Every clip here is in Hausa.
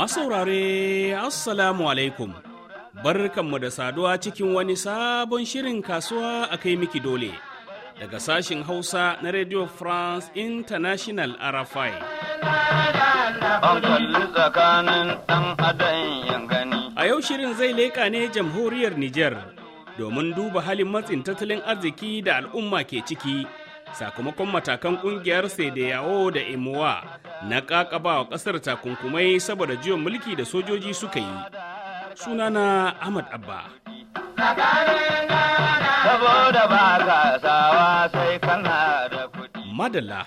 Masaurare Assalamu alaikum barkanmu da saduwa cikin wani sabon shirin kasuwa a kai miki dole daga sashin Hausa na Radio France International RFI. A yau shirin zai leƙa ne jamhuriyar Nijar domin duba halin matsin tattalin arziki da al'umma ke ciki sakamakon matakan ƙungiyar yawo da Imuwa na ƙaƙaba wa ƙasar takunkumai saboda jiyon mulki da sojoji suka yi sunana ahmad abba madalla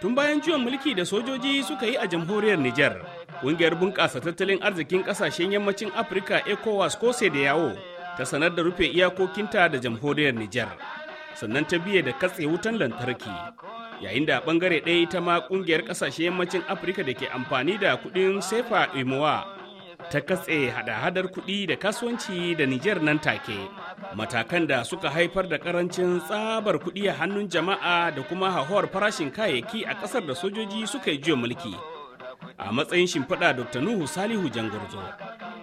tun bayan jiyon mulki da sojoji suka yi a jamhuriyar Nijar, ƙungiyar bunƙasa tattalin arzikin ƙasashen yammacin afirka ecowas ko yawo ta sanar da rufe iyakokinta da jamhuriyar Nijar, sannan ta biye da katse wutan lantarki yayin da bangare ɗaya ita ma kungiyar ƙasashen yammacin afirka da ke amfani da kuɗin sefa imowa ta katse hada-hadar kuɗi da kasuwanci da nijar nan take matakan da suka haifar da karancin tsabar kuɗi a hannun jama'a da kuma hahuwar farashin kayayyaki a ƙasar da sojoji suka yi mulki a matsayin shimfiɗa dr nuhu salihu jangurzo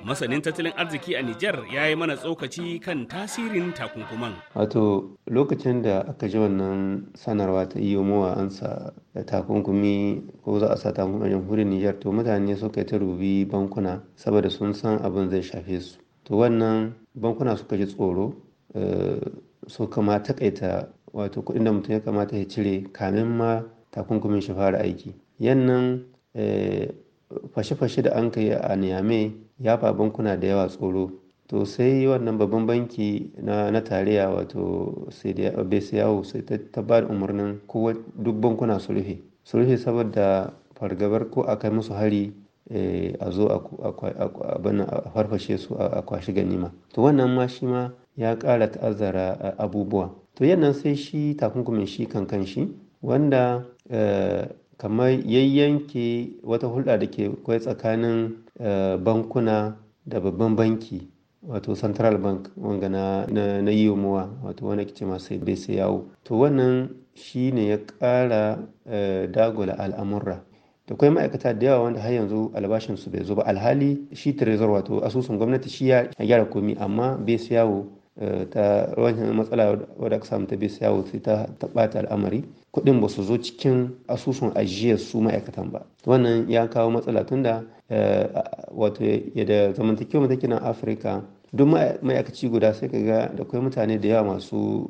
masanin tattalin arziki a Nijar ya yi mana tsokaci kan tasirin takunkuman. Wato lokacin da aka ji wannan sanarwa ta iyo mowa an sa takunkumi ko za a sa takunkumi a jamhuriyar Nijar to mutane suka yi ta rubi bankuna saboda sun san abin zai shafe su. To wannan bankuna suka ji tsoro eh, suka ma takaita wato kuɗin da mutum ya kamata ya cire kamin ma takunkumin shi fara aiki. Yannan eh, fashe-fashe da an kai a Niamey ya fa bankuna da yawa tsoro to sai wannan babban banki na, na tarayya wato besiyawo sai ta ba da umarnin kowa duk bankuna su rufe su rufe saboda fargabar ko a kai musu hari eh, a zo a farfashe su a kwashi ganima to wannan ma shi ma ya ƙara ta'azzara abubuwa to yannan sai shi takunkumin shi kankan shi wanda eh, kamar yayyanke wata hulɗa da ke kwai tsakanin eh, bankuna da babban banki wato central bank wanga na na mawa wato wanda ce masu bai sai yawo to wannan shi ne ya ƙara eh, dagula al'amurra da kwai ma'aikata da yawa wanda har yanzu albashinsu bai zo ba alhali shi trezor wato asusun gwamnati shi ya gyara komi amma bai sai yawo ta wancan matsala wadda aka samu ta bisa yawo sai ta taɓata al'amari kuɗin ba su zo cikin asusun ajiyar su ma'aikatan ba wannan ya kawo matsala tunda eh, wato yadda zamantakewa take nan afirka duk ma'aikaci guda sai ka ga da kwai mutane da yawa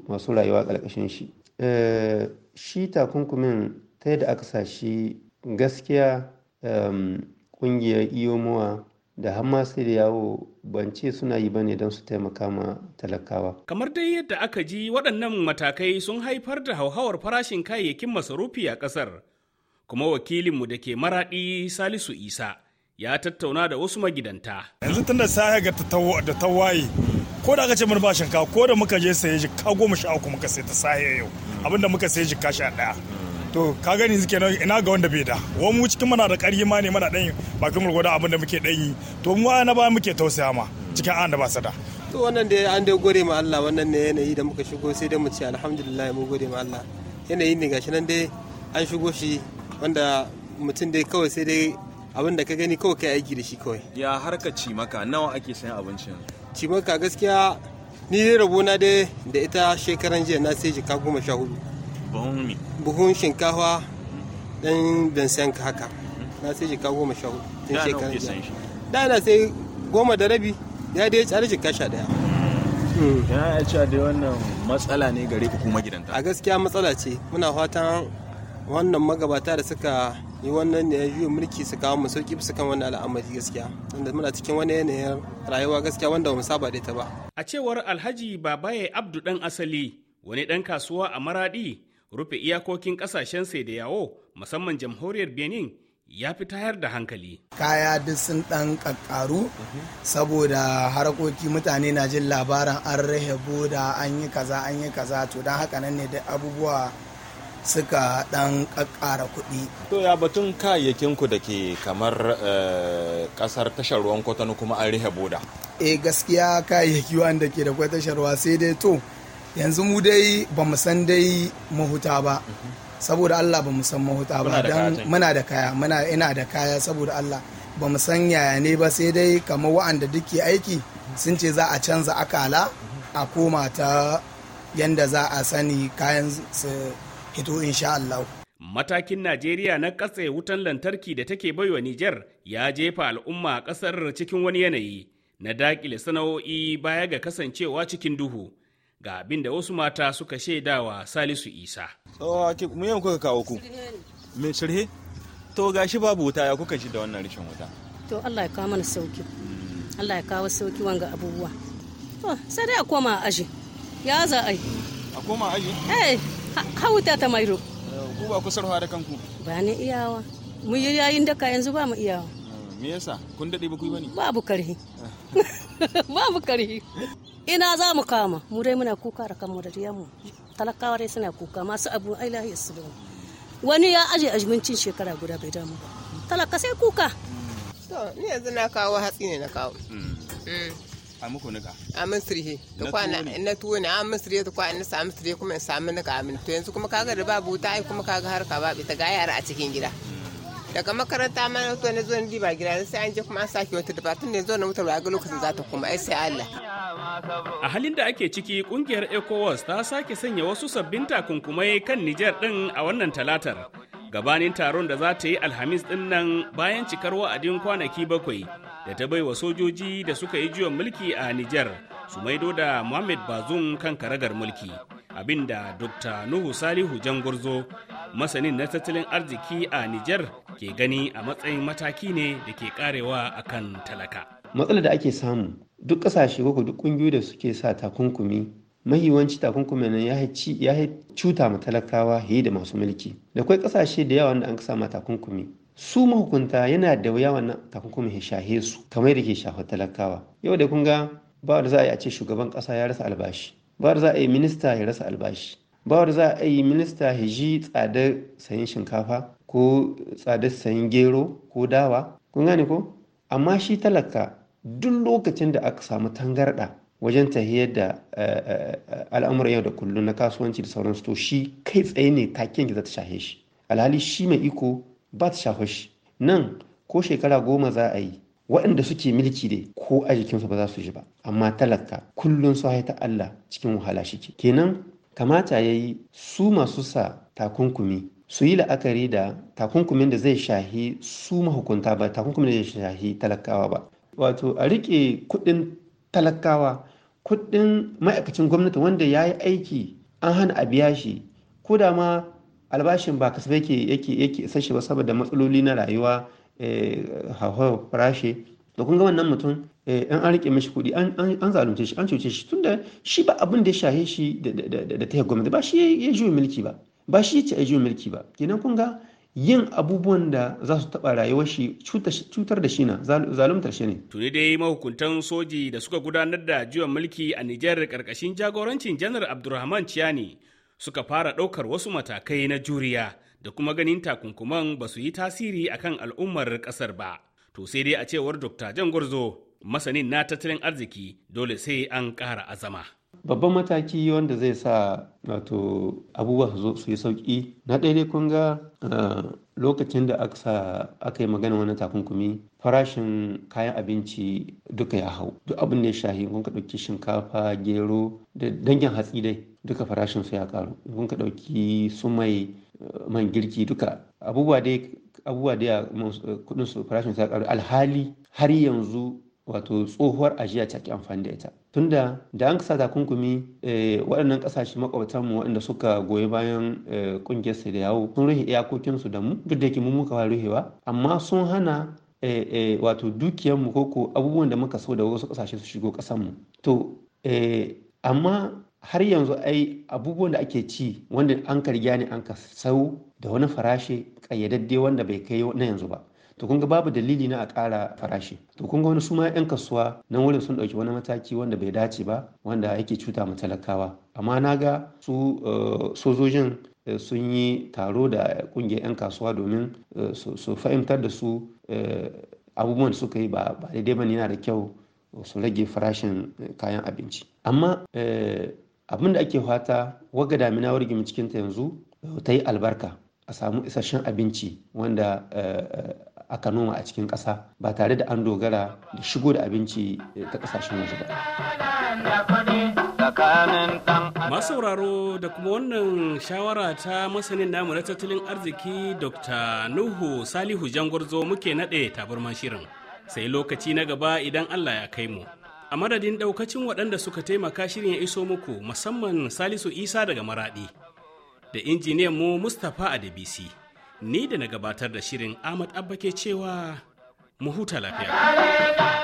masu rayuwa ƙarƙashin shi eh, shi takunkumin ta yadda aka sa shi gaskiya eh, ƙungiyar iyo e da hamasi da yawo ban ce suna yi bane don su taimaka ma talakawa. Kamar dai yadda aka ji waɗannan matakai sun haifar da hauhawar farashin kayayyakin masarufi a ƙasar. Kuma wakilinmu da ke maraɗi Salisu Isa ya tattauna da wasu magidanta. Yanzu tun da saya ga da tawaye ko da aka ce mun ba shinkafa ko da muka je saye jikka goma sha uku muka sai ta saya yau abinda muka saye jikka sha ɗaya. to ka gani kenan ina ga wanda bai da wa mu cikin mana da ƙarfi ma ne mana ɗanyi bakin gurgurda abin da muke yi to mu na ba muke tausaya ma cikin an da ba sada to wannan da an dai gore ma Allah wannan ne yanayi da muka shigo sai dai mu ce alhamdulillah mu gode ma Allah yanayi ne gashi nan dai an shigo shi wanda mutum dai kawai sai dai abin da ka gani kawai kai aiki da shi kawai ya harka cimaka nawa ake sayan abinci ci cimaka gaskiya ni dai rabona dai da ita shekaran jiya na sai jika goma sha hudu buhun mi buhun shinkafa dan bensan haka na sai ka goma sha hudu tun shekarar da na sai goma da rabi ya dai tsari shi kasha daya hmm. ya ya ci da wannan matsala ne gare ku kuma gidanta a gaskiya matsala ce muna fatan wannan magabata da suka yi wannan ne juyin mulki su kawo mu sauki su kan wannan al'amari gaskiya tunda muna cikin wani yanayin rayuwa gaskiya wanda mu saba da ita ba a cewar Alhaji Babaye Abdu dan asali wani dan kasuwa a Maradi rufe iyakokin kasashen sai da yawo musamman jamhuriyar benin ya fi tayar da hankali kaya duk sun dan kakkaru saboda harkoki mutane na jin labaran an rahe boda an yi kaza an yi kaza to don haka nan ne da abubuwa suka dan kakkara kuɗi. To ya batun kayayyakinku da ke kamar kasar eh, tashar ruwan kwatano kuma an rihe boda. eh gaskiya kayayyaki wanda ke da kwatashar sai dai to yanzu mu dai ba mu san dai mahuta ba saboda Allah ba mu san mahuta ba don muna da kaya muna ina da kaya saboda Allah ba mu san yaya ne ba sai dai kamar wa'anda duke aiki sun ce za a canza akala a koma ta yanda za a sani kayan su hito insha Allah matakin Najeriya na katse wutan lantarki da take baiwa Nijar ya jefa al'umma kasar cikin wani yanayi na dakile sana'o'i baya ga kasancewa cikin duhu ga abin da wasu mata suka shaidawa Salisu Isa. Tsawa oh, ki mu yau kuka kawo ku. Me shirhe To gashi babu wuta ya kuka shi da wannan rashin wuta. To Allah ya kawo mana sauki. Allah ya kawo sauki wanga abubuwa. To sai dai a koma a aji. Ya za a yi. A koma aji? Eh, ha wuta ta mairo. Eh, ku ba ku sarwa da kanku. Ba ni iyawa. Mu yi yayin daka yanzu ba mu iyawa. Eh, me yasa? Kun daɗe ba ku yi bane? Babu karhi. Eh. Babu karhi. ina za mu kama mu dai muna kuka da kanmu da riyanmu talakawa dai suna kuka masu abu ai lahi su wani ya aje ajimancin shekara guda bai damu ba talaka sai kuka to ni yanzu na kawo hatsi ne na kawo mm. Mm. a muku nika a misri he ta kwana na tuwo ne a misrihe ta kwana na samu sire kuma in samu nika amin to yanzu kuma kaga da babu wuta ai kuma kaga harka babu ta ga yara a cikin gida mm. daga makaranta ma na zo na zo na diba gida sai an je kuma an sake wata dabarun ne zo na wutar ba ga lokacin za ta kuma ai sai Allah A halin da ake ciki kungiyar ECOWAS ta sake sanya wasu sabbin takunkumai kan Nijar ɗin a wannan talatar. Gabanin taron da za ta yi Alhamis ɗin nan bayan cikar wa'adin kwanaki bakwai da ta baiwa sojoji da suka yi juyon mulki a Nijar su maido da Mohamed Bazoum kan karagar mulki. Abinda Dr. Nuhu Salihu Jangurzo, masanin na tattalin arziki a Nijar ke gani a matsayin mataki ne da ke karewa akan talaka. Matsalar da ake samu duk ƙasashe ko duk ƙungiyoyi da suke sa takunkumi mahiwanci takunkumi nan ya yi cuta ma talakawa hiye da masu mulki da kwai ƙasashe da yawa wanda an kasa ma takunkumi su mahukunta yana da wuya wannan takunkumi ya shahe su kamar da ke shafa talakawa yau da kun ga ba wanda za a yi a ce shugaban ƙasa ya rasa albashi ba wanda za a yi minista ya rasa albashi ba wanda za a yi minista ya ji tsadar sayin shinkafa ko tsadar sayin gero ko dawa kun gane ko amma shi talaka duk lokacin da aka samu tangarɗa wajen tahiyar da eh, eh, eh, al'amuran yau da kullum na kasuwanci da sauransu to shi kai tsaye ne taken za ta shahe shi alhali shi mai iko ba ta shafa shi nan ko shekara goma za a yi waɗanda suke milki ne ko a jikinsu ba za su ji ba amma talaka kullum su haita Allah cikin wahala shi ke kenan kamata ya yi su masu sa takunkumi su yi la'akari da takunkumin da zai shahi su mahukunta ba takunkumin da zai shahi talakawa ba wato a rike kuɗin talakawa kuɗin ma'aikacin gwamnati wanda ya yi aiki an hana a biya shi ko da ma albashin ba kasafai yake yake isa shi ba saboda matsaloli na rayuwa eh, hauhawar farashi da kun ga wannan mutum eh, an an rike mishi kuɗi an zalunce shi an cuce shi tunda shi ba abin da ya shahe shi da ta gwamnati ba shi ya juyin mulki ba ba shi ya ci a juyin mulki ba kenan kun ga yin abubuwan da za su taɓa rayuwar shi cutar da shi na zaluntar shi ne. Tuni dai mahukuntan soji da suka gudanar da jiwon mulki a Nijar ƙarƙashin jagorancin janar Abdulrahman Ciyani suka fara ɗaukar wasu matakai na juriya da kuma ganin takunkuman ba su yi tasiri a kan al'ummar ƙasar ba. To sai dai a cewar Dr. Jan Gwarzo masanin na tattalin arziki dole sai an ƙara azama. babban mataki wanda zai sa wato abubuwa su yi sauki na ɗaya dai kun ga ah, lokacin da aka yi magana wani takunkumi farashin kayan abinci duka ya hau duk abin da ya shahi kun ka ɗauki shinkafa gero da dangin hatsi dai duka farashin su ya karu kun ka ɗauki su mai ah, man girki duka abubuwa dai abubuwa da ah, kudin su farashin su ya karu alhali har yanzu wato tsohuwar ajiya ta amfani da ita tunda da an kasa takunkumi eh, waɗannan ƙasashe makwabtanmu waɗanda suka goyi bayan eh, ƙungiyar sai da yawo sun rufe iyakokinsu da mu duk da yake mu muka ruhewa amma sun hana eh, wato dukiyarmu ko ko abubuwan da muka so da wasu ƙasashe su shigo ƙasarmu to amma har yanzu ai abubuwan da ake ci wanda an karya ne an ka sau da wani farashi ƙayyadadde wanda bai kai na yanzu ba to kun ga babu dalili na a ƙara farashi to kun ga wani suma 'yan kasuwa nan wurin sun ɗauki wani mataki wanda bai dace ba wanda yake cuta ma talakawa amma na ga su eh, sojojin eh, sun yi taro da ƙungiyar 'yan kasuwa domin eh, su fahimtar da su abubuwan da suka yi ba daidai ba ne yana da kyau su rage farashin kayan abinci amma abin da ake fata waga damina cikin cikinta yanzu ta yi albarka a samu isasshen abinci wanda aka noma a cikin ƙasa ba tare da an dogara da shigo da abinci ta ƙasashen waje ba. masauraro da kuma wannan shawara ta masanin namu na tattalin arziki dr nuhu salihu jangwarzo muke naɗe tabarman shirin sai lokaci na gaba idan allah ya kai mu a madadin ɗaukacin waɗanda suka taimaka shirin ya iso muku musamman salisu isa daga maraɗi da injiniyan mu mustapha a dbc ni da na gabatar da shirin Ahmad Abba ke cewa mu huta lafiya.